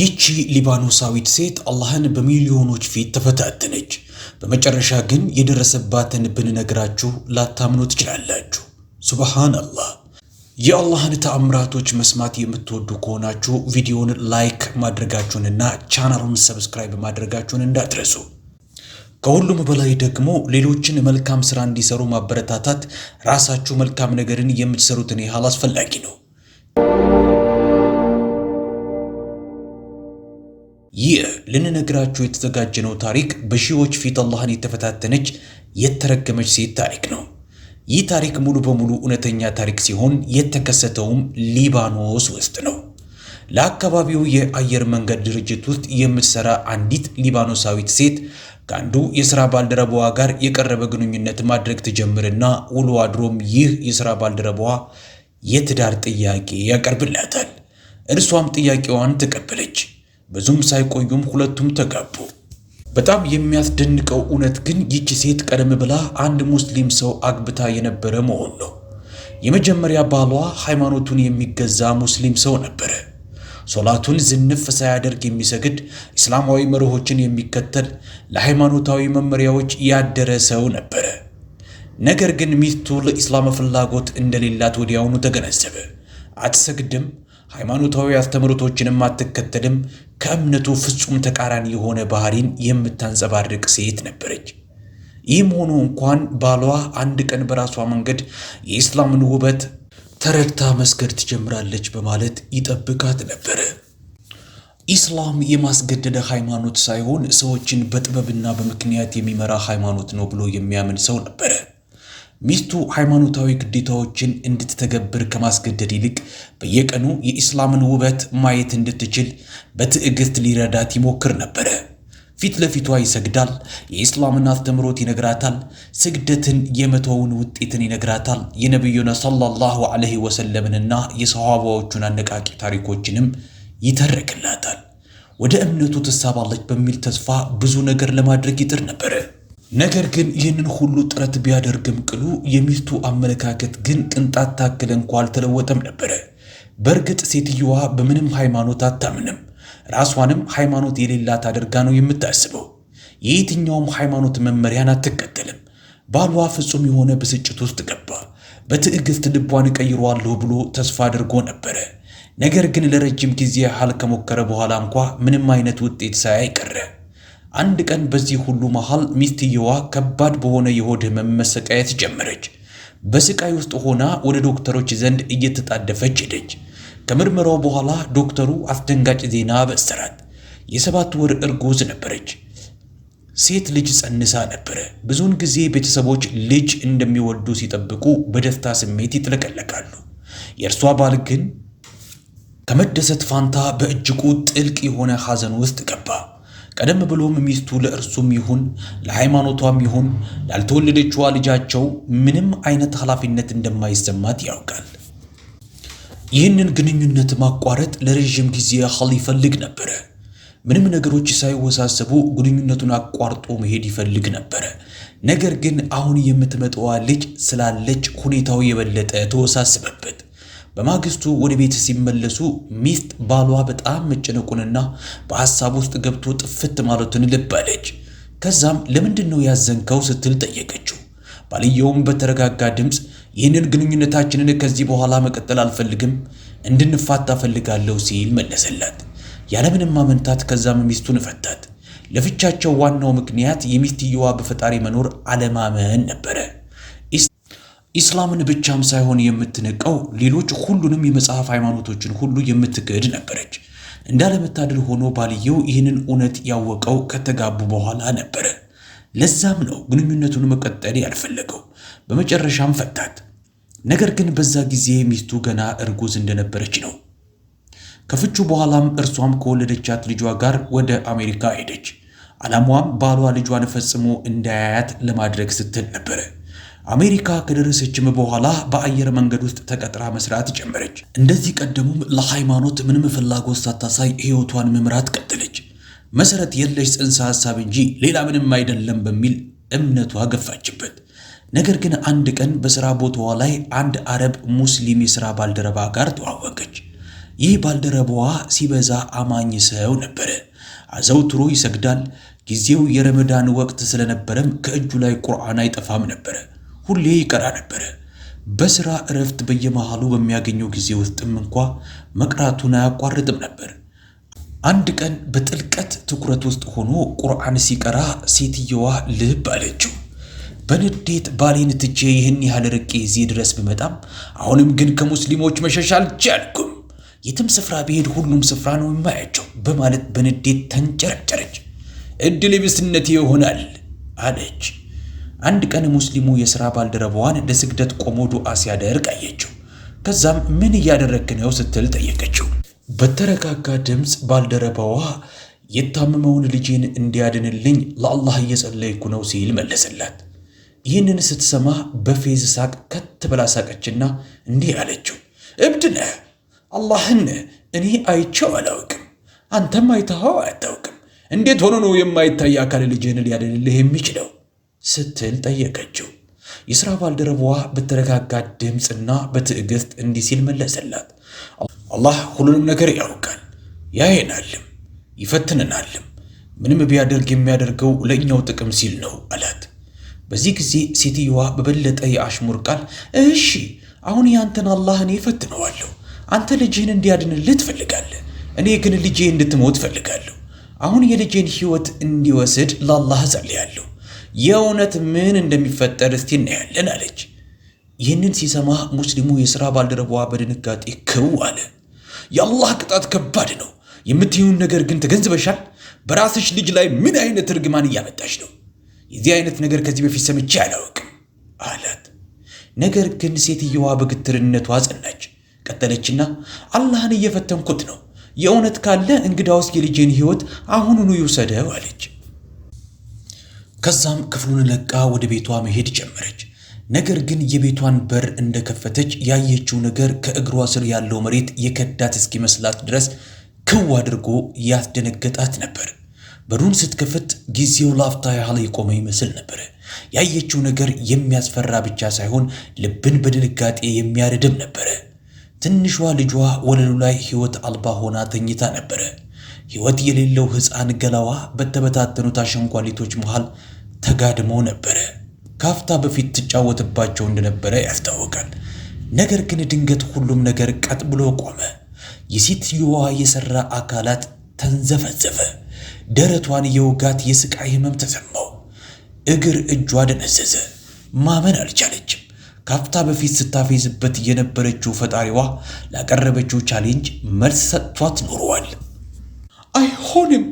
ይቺ ሊባኖሳዊት ሴት አላህን በሚሊዮኖች ፊት ተፈታተነች። በመጨረሻ ግን የደረሰባትን ብንነግራችሁ ላታምኑ ትችላላችሁ። ሱብሃነላህ። የአላህን ተአምራቶች መስማት የምትወዱ ከሆናችሁ ቪዲዮውን ላይክ ማድረጋችሁንና ቻናሉን ሰብስክራይብ ማድረጋችሁን እንዳትረሱ። ከሁሉም በላይ ደግሞ ሌሎችን መልካም ስራ እንዲሰሩ ማበረታታት ራሳችሁ መልካም ነገርን የምትሰሩትን ያህል አስፈላጊ ነው። ይህ ልንነግራችሁ የተዘጋጀነው ታሪክ በሺዎች ፊት አላህን የተፈታተነች የተረገመች ሴት ታሪክ ነው። ይህ ታሪክ ሙሉ በሙሉ እውነተኛ ታሪክ ሲሆን የተከሰተውም ሊባኖስ ውስጥ ነው። ለአካባቢው የአየር መንገድ ድርጅት ውስጥ የምትሰራ አንዲት ሊባኖሳዊት ሴት ከአንዱ የሥራ ባልደረባዋ ጋር የቀረበ ግንኙነት ማድረግ ትጀምርና ውሎ አድሮም ይህ የሥራ ባልደረባዋ የትዳር ጥያቄ ያቀርብላታል። እርሷም ጥያቄዋን ተቀበለች። ብዙም ሳይቆዩም ሁለቱም ተጋቡ። በጣም የሚያስደንቀው እውነት ግን ይቺ ሴት ቀደም ብላ አንድ ሙስሊም ሰው አግብታ የነበረ መሆን ነው። የመጀመሪያ ባሏ ሃይማኖቱን የሚገዛ ሙስሊም ሰው ነበረ። ሶላቱን ዝንፍ ሳያደርግ የሚሰግድ እስላማዊ መርሆችን የሚከተል ለሃይማኖታዊ መመሪያዎች ያደረ ሰው ነበረ። ነገር ግን ሚስቱ ለኢስላም ፍላጎት እንደሌላት ወዲያውኑ ተገነዘበ። አትሰግድም ሃይማኖታዊ አስተምህሮቶችንም አትከተልም። ከእምነቱ ፍጹም ተቃራኒ የሆነ ባህሪን የምታንጸባርቅ ሴት ነበረች። ይህም ሆኖ እንኳን ባሏ አንድ ቀን በራሷ መንገድ የኢስላምን ውበት ተረድታ መስገድ ትጀምራለች በማለት ይጠብቃት ነበረ። ኢስላም የማስገደደ ሃይማኖት ሳይሆን ሰዎችን በጥበብና በምክንያት የሚመራ ሃይማኖት ነው ብሎ የሚያምን ሰው ነበረ። ሚስቱ ሃይማኖታዊ ግዴታዎችን እንድትተገብር ከማስገደድ ይልቅ በየቀኑ የኢስላምን ውበት ማየት እንድትችል በትዕግሥት ሊረዳት ይሞክር ነበረ። ፊት ለፊቷ ይሰግዳል። የኢስላምን አስተምህሮት ይነግራታል። ስግደትን የመተውን ውጤትን ይነግራታል። የነቢዩና ሰለላሁ ዐለይሂ ወሰለምንና የሰሃባዎቹን አነቃቂ ታሪኮችንም ይተረክላታል። ወደ እምነቱ ትሳባለች በሚል ተስፋ ብዙ ነገር ለማድረግ ይጥር ነበረ። ነገር ግን ይህንን ሁሉ ጥረት ቢያደርግም ቅሉ የሚስቱ አመለካከት ግን ቅንጣት ታክል እንኳ አልተለወጠም ነበረ። በእርግጥ ሴትየዋ በምንም ሃይማኖት አታምንም። ራሷንም ሃይማኖት የሌላት አድርጋ ነው የምታስበው። የየትኛውም ሃይማኖት መመሪያን አትከተልም። ባሏ ፍጹም የሆነ ብስጭት ውስጥ ገባ። በትዕግሥት ልቧን እቀይረዋለሁ ብሎ ተስፋ አድርጎ ነበረ። ነገር ግን ለረጅም ጊዜ ያህል ከሞከረ በኋላ እንኳ ምንም አይነት ውጤት ሳያይ ቀረ። አንድ ቀን በዚህ ሁሉ መሃል ሚስትየዋ ከባድ በሆነ የሆድ ህመም መሰቃየት ጀመረች። በስቃይ ውስጥ ሆና ወደ ዶክተሮች ዘንድ እየተጣደፈች ሄደች። ከምርመራው በኋላ ዶክተሩ አስደንጋጭ ዜና በሰራት። የሰባት ወር እርጉዝ ነበረች። ሴት ልጅ ጸንሳ ነበረ። ብዙውን ጊዜ ቤተሰቦች ልጅ እንደሚወልዱ ሲጠብቁ በደስታ ስሜት ይጥለቀለቃሉ። የእርሷ ባል ግን ከመደሰት ፋንታ በእጅጉ ጥልቅ የሆነ ሐዘን ውስጥ ገባ። ቀደም ብሎም ሚስቱ ለእርሱም ይሁን ለሃይማኖቷም ይሁን ላልተወለደችዋ ልጃቸው ምንም አይነት ኃላፊነት እንደማይሰማት ያውቃል። ይህንን ግንኙነት ማቋረጥ ለረዥም ጊዜ ያህል ይፈልግ ነበረ። ምንም ነገሮች ሳይወሳሰቡ ግንኙነቱን አቋርጦ መሄድ ይፈልግ ነበረ። ነገር ግን አሁን የምትመጣዋ ልጅ ስላለች ሁኔታው የበለጠ ተወሳስበበት። በማግስቱ ወደ ቤት ሲመለሱ ሚስት ባሏ በጣም መጨነቁንና በሐሳብ ውስጥ ገብቶ ጥፍት ማለቱን ልብ አለች። ከዛም ለምንድን ነው ያዘንከው ስትል ጠየቀችው። ባልየውም በተረጋጋ ድምፅ ይህንን ግንኙነታችንን ከዚህ በኋላ መቀጠል አልፈልግም፣ እንድንፋታ ፈልጋለሁ ሲል መለሰላት። ያለምንም ማመንታት ከዛም ሚስቱን ፈታት። ለፍቻቸው ዋናው ምክንያት የሚስትየዋ በፈጣሪ መኖር አለማመን ነበረ። ኢስላምን ብቻም ሳይሆን የምትንቀው ሌሎች ሁሉንም የመጽሐፍ ሃይማኖቶችን ሁሉ የምትክድ ነበረች። እንዳለመታደል ሆኖ ባልየው ይህንን እውነት ያወቀው ከተጋቡ በኋላ ነበረ። ለዛም ነው ግንኙነቱን መቀጠል ያልፈለገው። በመጨረሻም ፈታት። ነገር ግን በዛ ጊዜ ሚስቱ ገና እርጉዝ እንደነበረች ነው። ከፍቹ በኋላም እርሷም ከወለደቻት ልጇ ጋር ወደ አሜሪካ ሄደች። ዓላማዋም ባሏ ልጇን ፈጽሞ እንዳያያት ለማድረግ ስትል ነበረ። አሜሪካ ከደረሰችም በኋላ በአየር መንገድ ውስጥ ተቀጥራ መስራት ጀመረች። እንደዚህ ቀደሙም ለሃይማኖት ምንም ፍላጎት ሳታሳይ ሕይወቷን መምራት ቀጠለች። መሰረት የለሽ ጽንሰ ሐሳብ እንጂ ሌላ ምንም አይደለም በሚል እምነቷ ገፋችበት። ነገር ግን አንድ ቀን በሥራ ቦታዋ ላይ አንድ አረብ ሙስሊም የሥራ ባልደረባ ጋር ተዋወቀች። ይህ ባልደረባዋ ሲበዛ አማኝ ሰው ነበረ። አዘውትሮ ይሰግዳል። ጊዜው የረመዳን ወቅት ስለነበረም ከእጁ ላይ ቁርአን አይጠፋም ነበረ። ሁሌ ይቀራ ነበረ። በሥራ እረፍት በየመሃሉ በሚያገኘው ጊዜ ውስጥም እንኳ መቅራቱን አያቋርጥም ነበር። አንድ ቀን በጥልቀት ትኩረት ውስጥ ሆኖ ቁርአን ሲቀራ ሴትየዋ ልብ አለችው። በንዴት ባሌን ትቼ ይህን ያህል ርቄ እዚህ ድረስ ብመጣም አሁንም ግን ከሙስሊሞች መሸሽ አልቻልኩም። የትም ስፍራ ብሄድ ሁሉም ስፍራ ነው የማያቸው በማለት በንዴት ተንጨረጨረች። እድል ቢስነቴ ይሆናል አለች። አንድ ቀን ሙስሊሙ የሥራ ባልደረባዋን ለስግደት ቆሞ ዱዓ ሲያደርግ አየችው። ከዛም ምን እያደረግክ ነው ስትል ጠየቀችው። በተረጋጋ ድምፅ ባልደረባዋ የታመመውን ልጄን እንዲያድንልኝ ለአላህ እየጸለይኩ ነው ሲል መለሰላት። ይህንን ስትሰማ በፌዝ ሳቅ ከት ብላ ሳቀችና እንዲህ አለችው፣ እብድ ነህ! አላህን እኔ አይቼው አላውቅም፣ አንተም አይተኸው አያታውቅም። እንዴት ሆኖ ነው የማይታይ አካል ልጄን ሊያድንልህ የሚችለው? ስትል ጠየቀችው። የሥራ ባልደረባዋ በተረጋጋ ድምፅና በትዕግሥት እንዲህ ሲል መለሰላት። አላህ ሁሉንም ነገር ያውቃል፣ ያየናልም፣ ይፈትንናልም። ምንም ቢያደርግ የሚያደርገው ለእኛው ጥቅም ሲል ነው አላት። በዚህ ጊዜ ሴትየዋ በበለጠ የአሽሙር ቃል እሺ፣ አሁን ያንተን አላህ እኔ እፈትነዋለሁ። አንተ ልጅህን እንዲያድንልህ ትፈልጋለህ፣ እኔ ግን ልጄ እንድትሞት እፈልጋለሁ። አሁን የልጄን ሕይወት እንዲወስድ ለአላህ እጸልያለሁ የእውነት ምን እንደሚፈጠር እስቲ እናያለን አለች። ይህንን ሲሰማ ሙስሊሙ የሥራ ባልደረባዋ በድንጋጤ ክው አለ። የአላህ ቅጣት ከባድ ነው። የምትይውን ነገር ግን ተገንዝበሻል? በራስሽ ልጅ ላይ ምን አይነት እርግማን እያመጣሽ ነው? የዚህ አይነት ነገር ከዚህ በፊት ሰምቼ አላውቅም አላት። ነገር ግን ሴትየዋ በግትርነቷ አጸናች። ቀጠለችና አላህን እየፈተንኩት ነው። የእውነት ካለ እንግዳውስ የልጄን ሕይወት አሁኑኑ ይውሰደው አለች። ከዛም ክፍሉን ለቃ ወደ ቤቷ መሄድ ጀመረች። ነገር ግን የቤቷን በር እንደከፈተች ያየችው ነገር ከእግሯ ስር ያለው መሬት የከዳት እስኪመስላት ድረስ ክው አድርጎ ያስደነገጣት ነበር። በሩን ስትከፍት ጊዜው ለአፍታ ያህል የቆመ ይመስል ነበር። ያየችው ነገር የሚያስፈራ ብቻ ሳይሆን ልብን በድንጋጤ የሚያረድም ነበረ። ትንሿ ልጇ ወለሉ ላይ ሕይወት አልባ ሆና ተኝታ ነበረ። ሕይወት የሌለው ሕፃን ገላዋ በተበታተኑት አሸንጓሊቶች መሃል ተጋድሞ ነበረ። ካፍታ በፊት ትጫወትባቸው እንደነበረ ያስታወቃል። ነገር ግን ድንገት ሁሉም ነገር ቀጥ ብሎ ቆመ። የሴትየዋ የሠራ አካላት ተንዘፈዘፈ። ደረቷን የውጋት የሥቃይ ህመም ተሰማው። እግር እጇ ደነዘዘ። ማመን አልቻለችም። ካፍታ በፊት ስታፌዝበት የነበረችው ፈጣሪዋ ላቀረበችው ቻሌንጅ መልስ ሰጥቷት ኖረዋል። አይሆንም፣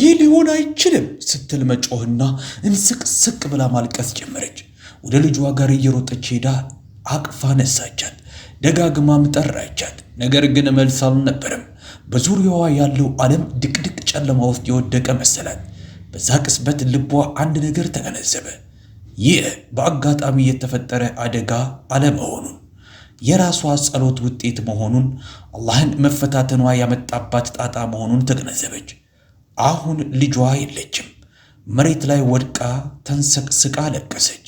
ይህ ሊሆን አይችልም ስትል መጮህና እንስቅስቅ ብላ ማልቀስ ጀመረች። ወደ ልጇ ጋር እየሮጠች ሄዳ አቅፋ ነሳቻት። ደጋግማም ጠራቻት። ነገር ግን መልስ አልነበረም። በዙሪያዋ ያለው ዓለም ድቅድቅ ጨለማ ውስጥ የወደቀ መሰላት። በዛ ቅጽበት ልቧ አንድ ነገር ተገነዘበ። ይህ በአጋጣሚ የተፈጠረ አደጋ አለመሆኑን። የራሷ ጸሎት ውጤት መሆኑን አላህን መፈታተኗ ያመጣባት ጣጣ መሆኑን ተገነዘበች። አሁን ልጇ የለችም። መሬት ላይ ወድቃ ተንሰቅስቃ ለቀሰች።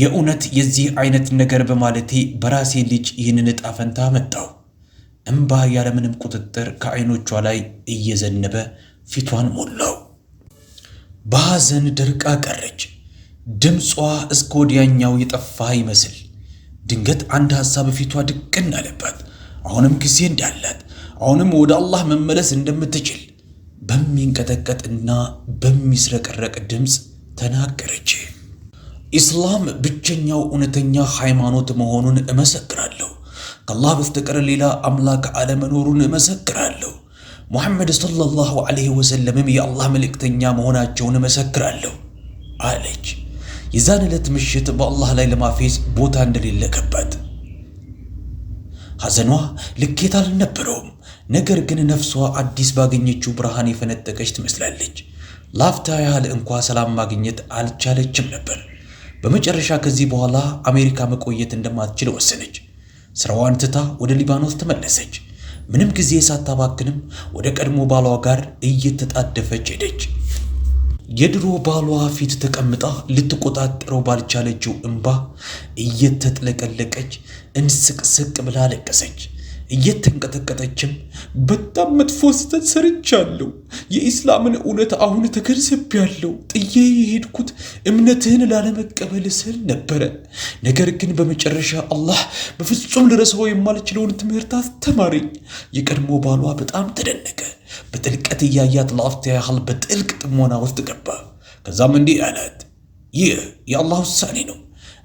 የእውነት የዚህ አይነት ነገር በማለቴ በራሴ ልጅ ይህንን ዕጣ ፈንታ መጣው። እምባ ያለምንም ቁጥጥር ከዐይኖቿ ላይ እየዘነበ ፊቷን ሞላው። በሐዘን ደርቃ ቀረች። ድምጿ እስከ ወዲያኛው የጠፋ ይመስል ድንገት አንድ ሐሳብ ፊቷ ድቅን አለባት። አሁንም ጊዜ እንዳላት፣ አሁንም ወደ አላህ መመለስ እንደምትችል በሚንቀጠቀጥና በሚስረቀረቅ ድምፅ ተናገረች። ኢስላም ብቸኛው እውነተኛ ሃይማኖት መሆኑን እመሰክራለሁ። ከአላህ በስተቀር ሌላ አምላክ አለመኖሩን እመሰክራለሁ። ሙሐመድ ሰለላሁ ዐለይሂ ወሰለምም የአላህ መልእክተኛ መሆናቸውን እመሰክራለሁ አለች። የዛን ዕለት ምሽት በአላህ ላይ ለማፌዝ ቦታ እንደሌለከበት ሐዘኗ ልኬት አልነበረውም። ነገር ግን ነፍሷ አዲስ ባገኘችው ብርሃን የፈነጠቀች ትመስላለች። ላፍታ ያህል እንኳ ሰላም ማግኘት አልቻለችም ነበር። በመጨረሻ ከዚህ በኋላ አሜሪካ መቆየት እንደማትችል ወሰነች። ስራዋን ትታ ወደ ሊባኖስ ተመለሰች። ምንም ጊዜ ሳታባክንም ወደ ቀድሞ ባሏ ጋር እየተጣደፈች ሄደች። የድሮ ባሏ ፊት ተቀምጣ ልትቆጣጠረው ባልቻለችው እንባ እየተጥለቀለቀች እንስቅስቅ ብላ ለቀሰች። እየተንቀጠቀጠችም በጣም መጥፎ ስህተት ሰርቻለሁ። የኢስላምን እውነት አሁን ተገንዝቤያለሁ። ጥዬ የሄድኩት እምነትህን ላለመቀበል ስል ነበረ። ነገር ግን በመጨረሻ አላህ በፍጹም ልረሳው የማልችለውን ትምህርት አስተማረኝ። የቀድሞ ባሏ በጣም ተደነቀ። በጥልቀት እያያት ለአፍት ያህል በጥልቅ ጥሞና ውስጥ ገባ። ከዛም እንዲህ አላት፣ ይህ የአላህ ውሳኔ ነው።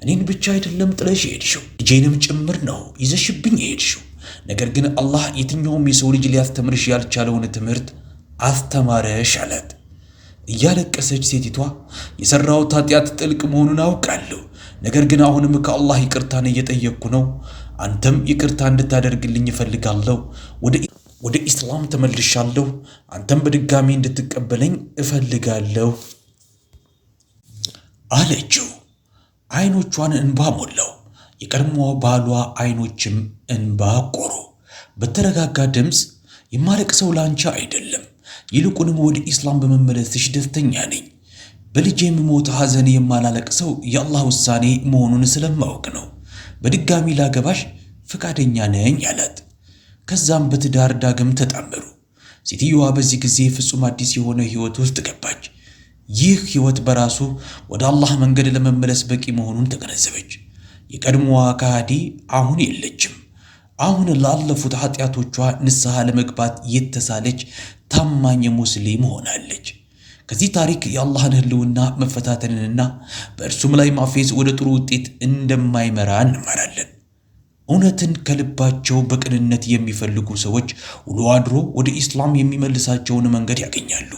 እኔን ብቻ አይደለም ጥለሽ የሄድሽው ልጄንም ጭምር ነው ይዘሽብኝ የሄድሽው ነገር ግን አላህ የትኛውም የሰው ልጅ ሊያስተምርሽ ያልቻለውን ትምህርት አስተማረሽ አላት። እያለቀሰች ሴቲቷ የሠራሁት ኃጢአት ጥልቅ መሆኑን አውቃለሁ፣ ነገር ግን አሁንም ከአላህ ይቅርታን እየጠየቅኩ ነው። አንተም ይቅርታ እንድታደርግልኝ እፈልጋለሁ። ወደ ኢስላም ተመልሻለሁ። አንተም በድጋሚ እንድትቀበለኝ እፈልጋለሁ አለችው። ዐይኖቿን እንባ ሞላው። የቀድሞ ባሏ አይኖችም እንባ በተረጋጋ ድምፅ የማለቅ ሰው ላንቺ አይደለም፣ ይልቁንም ወደ ኢስላም በመመለስሽ ደስተኛ ነኝ። በልጄ የምሞት ሐዘን ሰው የአላህ ውሳኔ መሆኑን ስለማወቅ ነው። በድጋሚ ላገባሽ ፈቃደኛ ነኝ አላት። ከዛም በትዳር ዳግም ተጣመሩ። ሴትየዋ በዚህ ጊዜ ፍጹም አዲስ የሆነ ሕይወት ውስጥ ገባች። ይህ ሕይወት በራሱ ወደ አላህ መንገድ ለመመለስ በቂ መሆኑን ተገነዘበች። የቀድሞዋ ከሃዲ አሁን የለችም። አሁን ላለፉት ኃጢአቶቿ ንስሐ ለመግባት የተሳለች ታማኝ ሙስሊም ሆናለች። ከዚህ ታሪክ የአላህን ህልውና መፈታተንንና በእርሱም ላይ ማፌዝ ወደ ጥሩ ውጤት እንደማይመራ እንማራለን። እውነትን ከልባቸው በቅንነት የሚፈልጉ ሰዎች ውሎ አድሮ ወደ ኢስላም የሚመልሳቸውን መንገድ ያገኛሉ።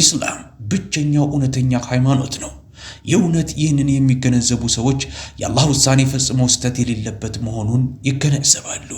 ኢስላም ብቸኛው እውነተኛ ሃይማኖት ነው። የእውነት ይህንን የሚገነዘቡ ሰዎች የአላህ ውሳኔ ፈጽሞ ስተት የሌለበት መሆኑን ይገነዘባሉ።